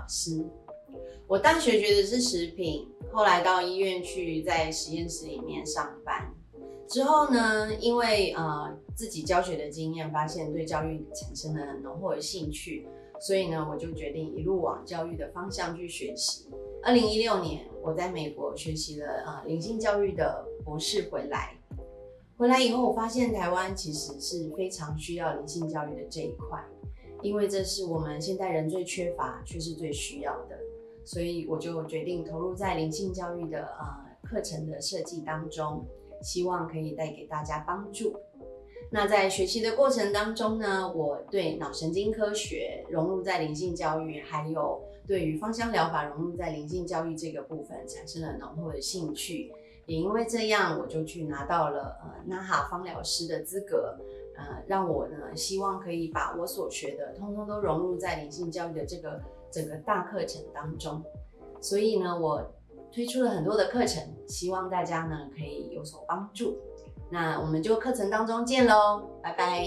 老師，我大學學的是食品，後來到醫院去，在實驗室裡面上班。之後呢，因為呃自己教學的經驗，發現對教育產生了很濃厚的興趣，所以呢，我就決定一路往教育的方向去學習。二零一六年，我在美國學習了呃靈性教育的博士回來，回來以後，我發現台灣其實是非常需要靈性教育的這一塊。因為這是我們現代人最缺乏，却是最需要的，所以我就決定投入在靈性教育的呃課程的設計當中，希望可以帶給大家幫助。那在學習的過程當中呢，我對腦神經科學融入在靈性教育，還有對於芳香療法融入在靈性教育這個部分產生了濃厚的興趣，也因為這樣，我就去拿到了呃 NAHA 芳療師的資格。呃，讓我呢，希望可以把我所學的，通通都融入在靈性教育的這個整個大課程當中。所以呢，我推出了很多的課程，希望大家呢可以有所幫助。那我們就課程當中見嘍，拜拜。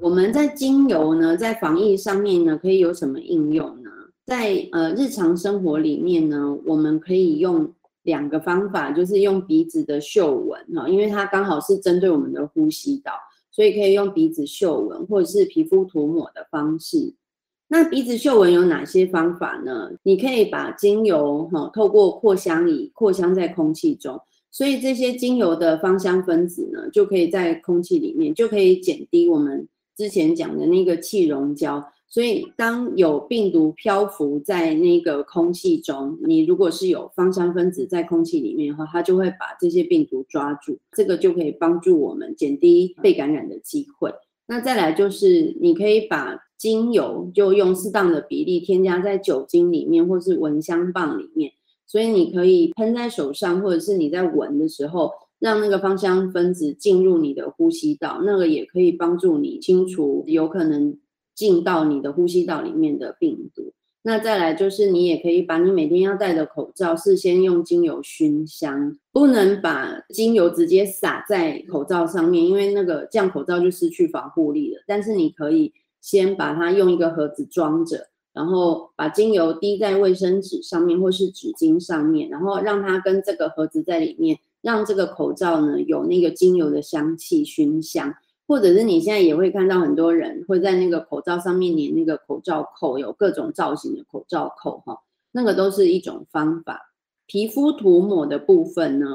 我們在精油呢，在防疫上面呢，可以有什麼應用呢？在呃日常生活裡面呢，我們可以用。兩個方法就是用鼻子的嗅聞哈，因為它剛好是針對我們的呼吸道，所以可以用鼻子嗅聞或者是皮膚塗抹的方式。那鼻子嗅聞有哪些方法呢？你可以把精油哈透過擴香儀擴香在空氣中，所以這些精油的芳香分子呢就可以在空氣裡面，就可以減低我們之前講的那個氣溶膠。所以，當有病毒漂浮在那個空氣中，你如果是有芳香分子在空氣裡面的話，它就會把這些病毒抓住，這個就可以幫助我們減低被感染的機會。那再來就是，你可以把精油就用適當的比例添加在酒精裡面，或是聞香棒裡面，所以你可以噴在手上，或者是你在聞的時候，讓那個芳香分子進入你的呼吸道，那個也可以幫助你清除有可能。進到你的呼吸道裡面的病毒，那再來就是，你也可以把你每天要戴的口罩事先用精油燻香。不能把精油直接撒在口罩上面，因為那個這樣口罩就失去防護力了。但是你可以先把它用一個盒子裝着，然後把精油滴在衛生紙上面或是紙巾上面，然後讓它跟這個盒子在裡面，讓這個口罩呢，有那個精油的香氣燻香。或者是你現在也會看到很多人會在那個口罩上面粘那個口罩扣，有各種造型的口罩扣哈，那個都是一種方法。皮膚塗抹的部分呢，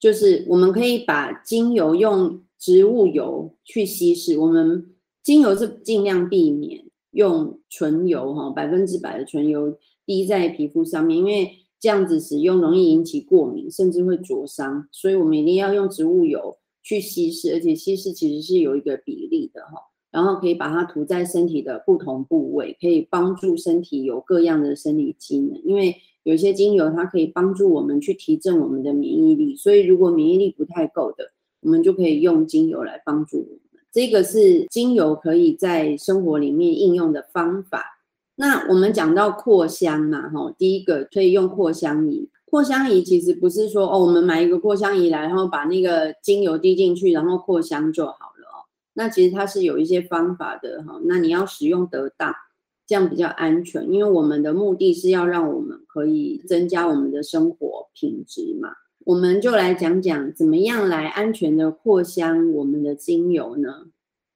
就是我們可以把精油用植物油去稀釋，我們精油是盡量避免用純油哈，百分之百的純油滴在皮膚上面，因為這樣子使用容易引起過敏，甚至會灼傷，所以我們一定要用植物油。去稀釋，而且稀釋其實是有一個比例的哈，然後可以把它塗在身體的不同部位，可以幫助身體有各樣的生理機能。因為有些精油它可以幫助我們去提振我們的免疫力，所以如果免疫力不太夠的，我們就可以用精油來幫助我們。這個是精油可以在生活裡面應用的方法。那我們講到擴香嘛，哈，第一個可以用擴香儀。擴香儀其實不是說哦，我們買一個擴香儀來，然後把那個精油滴進去，然後擴香就好了哦。那其實它是有一些方法的哈、哦，那你要使用得當，這樣比較安全。因為我們的目的是要讓我們可以增加我們的生活品質嘛，我們就來講講怎麼樣來安全地擴香我們的精油呢。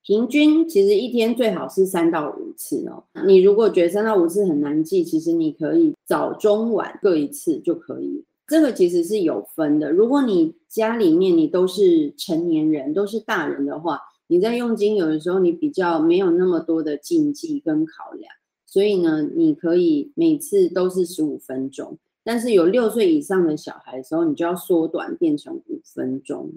平均其實一天最好是三到五次哦。你如果覺得三到五次很難記，其實你可以早中晚各一次就可以。這個其實是有分的。如果你家裡面，你都是成年人，都是大人的話，你在用精油的時候，你比較沒有那麼多的禁忌跟考量，所以呢，你可以每次都是十五分鐘。但是有六歲以上的小孩的時候，你就要縮短變成五分鐘。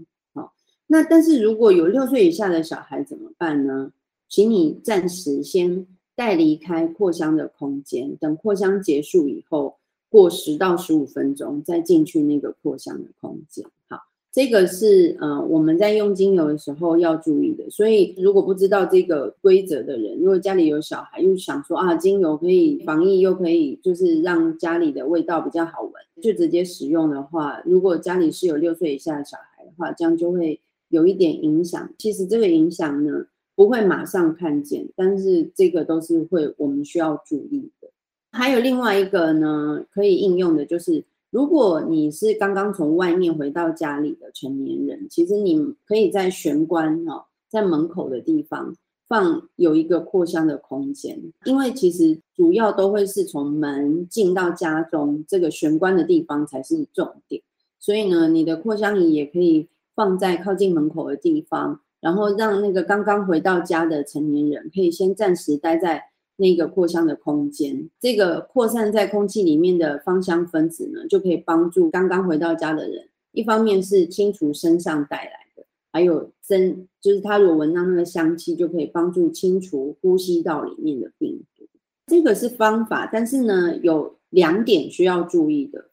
那但是如果有六歲以下的小孩怎麼辦呢？請你暫時先帶離開擴香的空間，等擴香結束以後，過十到十五分鐘再進去那個擴香的空間。好，這個是呃我們在用精油的時候要注意的。所以如果不知道這個規則的人，如果家裡有小孩，又想說啊精油可以防疫又可以就是讓家裡的味道比較好聞，就直接使用的話，如果家裡是有六歲以下的小孩的話，這樣就會。有一點影響，其實這個影響呢，不會馬上看見，但是這個都是會我們需要注意的。還有另外一個呢，可以應用的就是，如果你是剛剛從外面回到家裡的成年人，其實你可以在玄關哦，在門口的地方放有一個擴香的空間，因為其實主要都會是從門進到家中這個玄關的地方才是重點，所以呢，你的擴香儀也可以。放在靠近門口的地方，然後讓那個剛剛回到家的成年人可以先暫時待在那個擴香的空間。這個擴散在空氣裡面的芳香分子呢，就可以幫助剛剛回到家的人，一方面是清除身上帶來的，還有真就是他如果聞到那個香氣，就可以幫助清除呼吸道裡面的病毒。這個是方法，但是呢，有兩點需要注意的。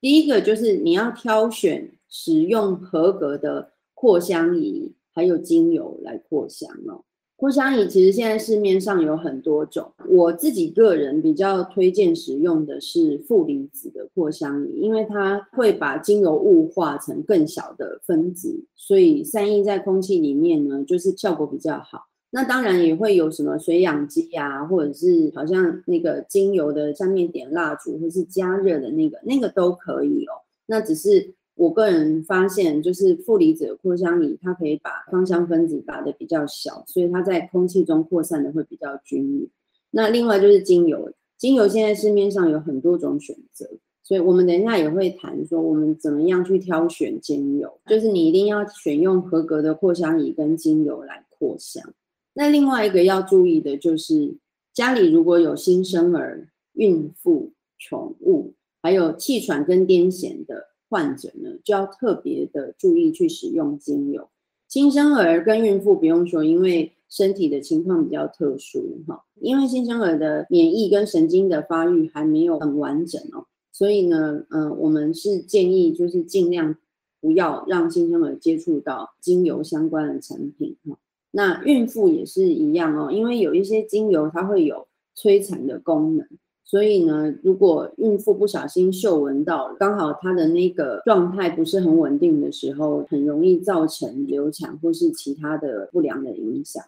第一個就是你要挑選。使用合格的擴香儀，還有精油來擴香哦。擴香儀其實現在市面上有很多種，我自己個人比較推薦使用的是負離子的擴香儀，因為它會把精油霧化成更小的分子，所以散逸在空氣裡面呢，就是效果比較好。那當然也會有什麼水氧機啊，或者是好像那個精油的上面點蠟燭，或是加熱的那個，那個都可以哦。那只是，我個人發現，就是負離子的擴香儀，它可以把芳香分子打得比較小，所以它在空氣中擴散的會比較均勻。那另外就是精油，精油現在市面上有很多種選擇，所以我們等一下也會談說我們怎麼樣去挑選精油。就是你一定要選用合格的擴香儀跟精油來擴香。那另外一個要注意的就是，家裡如果有新生兒、孕婦、寵物，還有氣喘跟癲癇的。患者呢，就要特別的注意去使用精油。新生兒跟孕婦不用說，因為身體的情況比較特殊哈、哦。因為新生兒的免疫跟神經的發育還沒有很完整哦，所以呢，嗯、呃，我們是建議就是儘量不要讓新生兒接觸到精油相關的產品哈、哦。那孕婦也是一樣哦，因為有一些精油它會有催產的功能。所以呢，如果孕婦不小心嗅聞到，剛好她的那個狀態不是很穩定的時候，很容易造成流產或是其他的不良的影響。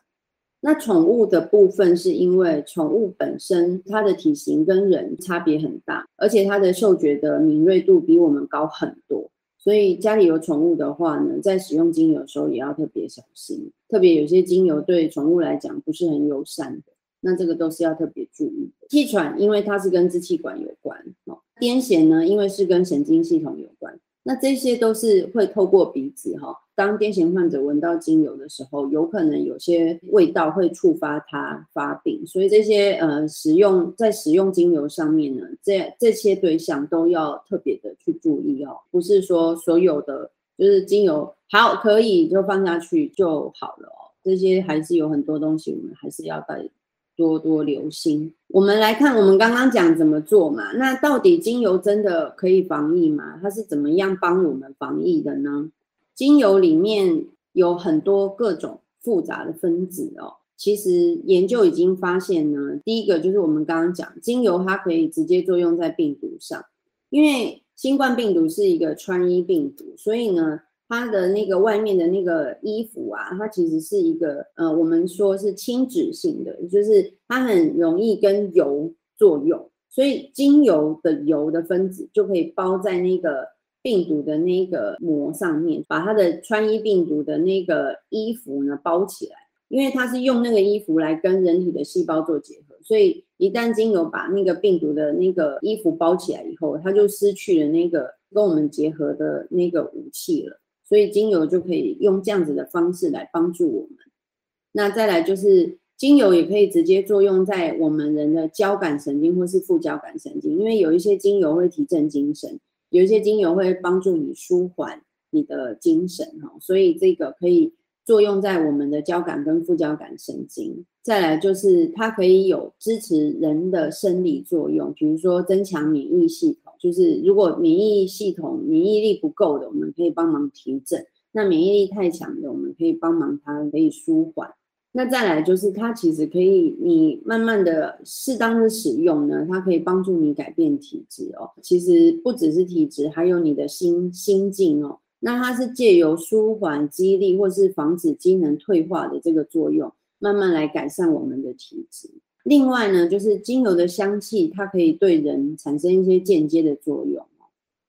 那寵物的部分是因為寵物本身它的體型跟人差別很大，而且它的嗅覺的敏銳度比我們高很多，所以家裡有寵物的話呢，在使用精油的時候也要特別小心，特別有些精油對寵物來講不是很友善的。那這個都是要特別注意的。氣喘因為它是跟支氣管有關，哦，癲癇呢因為是跟神經系統有關，那這些都是會透過鼻子哈、哦。當癲癇患者聞到精油的時候，有可能有些味道會觸發它發病，所以這些呃使用在使用精油上面呢，這這些對象都要特別的去注意哦。不是說所有的就是精油好可以就放下去就好了哦，這些還是有很多東西我們還是要帶多多留心，我們來看，我們剛剛講怎麼做嘛？那到底精油真的可以防疫嗎？它是怎麼樣幫我們防疫的呢？精油裡面有很多各種複雜的分子哦。其實研究已經發現呢，第一個就是我們剛剛講，精油它可以直接作用在病毒上，因為新冠病毒是一個穿衣病毒，所以呢。它的那個外面的那個衣服啊，它其實是一個呃，我們說是親脂性的，就是它很容易跟油作用，所以精油的油的分子就可以包在那個病毒的那個膜上面，把它的穿衣病毒的那個衣服呢包起來，因為它是用那個衣服來跟人體的細胞做結合，所以一旦精油把那個病毒的那個衣服包起來以後，它就失去了那個跟我們結合的那個武器了。所以精油就可以用這樣子的方式來幫助我們。那再來就是，精油也可以直接作用在我們人的交感神經或是副交感神經，因為有一些精油會提振精神，有一些精油會幫助你舒緩你的精神哈。所以這個可以作用在我們的交感跟副交感神經。再來就是，它可以有支持人的生理作用，比如說增強免疫系統。就是如果免疫系統免疫力不夠的，我們可以幫忙提振；那免疫力太強的，我們可以幫忙它可以舒緩。那再來就是它其實可以你慢慢的適當的使用呢，它可以幫助你改變體質哦。其實不只是體質，還有你的心心境哦。那它是借由舒緩、激勵或是防止機能退化的這個作用，慢慢來改善我們的體質。另外呢，就是精油的香氣，它可以對人產生一些間接的作用，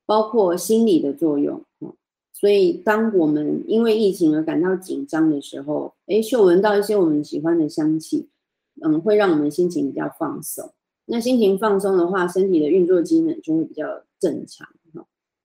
包括心理的作用。嗯，所以，當我們因為疫情而感到緊張的時候，誒、欸，嗅聞到一些我們喜歡的香氣，嗯，會讓我們心情比較放鬆。那心情放鬆的話，身體的運作機能就會比較正常。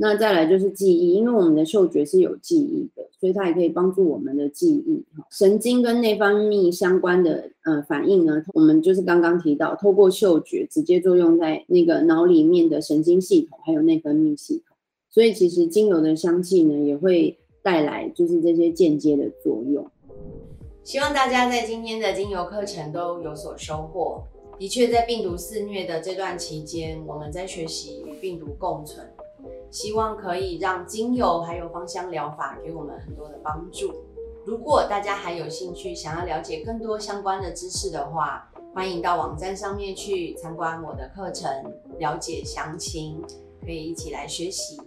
那再來就是記憶，因為我們的嗅覺是有記憶的，所以它也可以幫助我們的記憶。神經跟內分泌相關的呃反應呢，我們就是剛剛提到，透過嗅覺直接作用在那個腦裡面的神經系統，還有內分泌系統。所以其實精油的香氣呢，也會帶來就是這些間接的作用。希望大家在今天的精油課程都有所收穫。的確，在病毒肆虐的這段期間，我們在學習與病毒共存。希望可以讓精油還有芳香療法給我們很多的幫助。如果大家還有興趣想要了解更多相關的知識的話，歡迎到網站上面去參觀我的課程，了解詳情，可以一起來學習。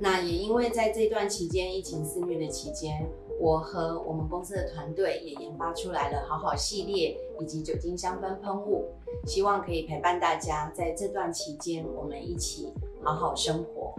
那也因為在這段期間，疫情肆虐的期間，我和我們公司的團隊也研發出來了好好系列以及酒精香氛噴霧，希望可以陪伴大家在這段期間，我們一起。好好生活。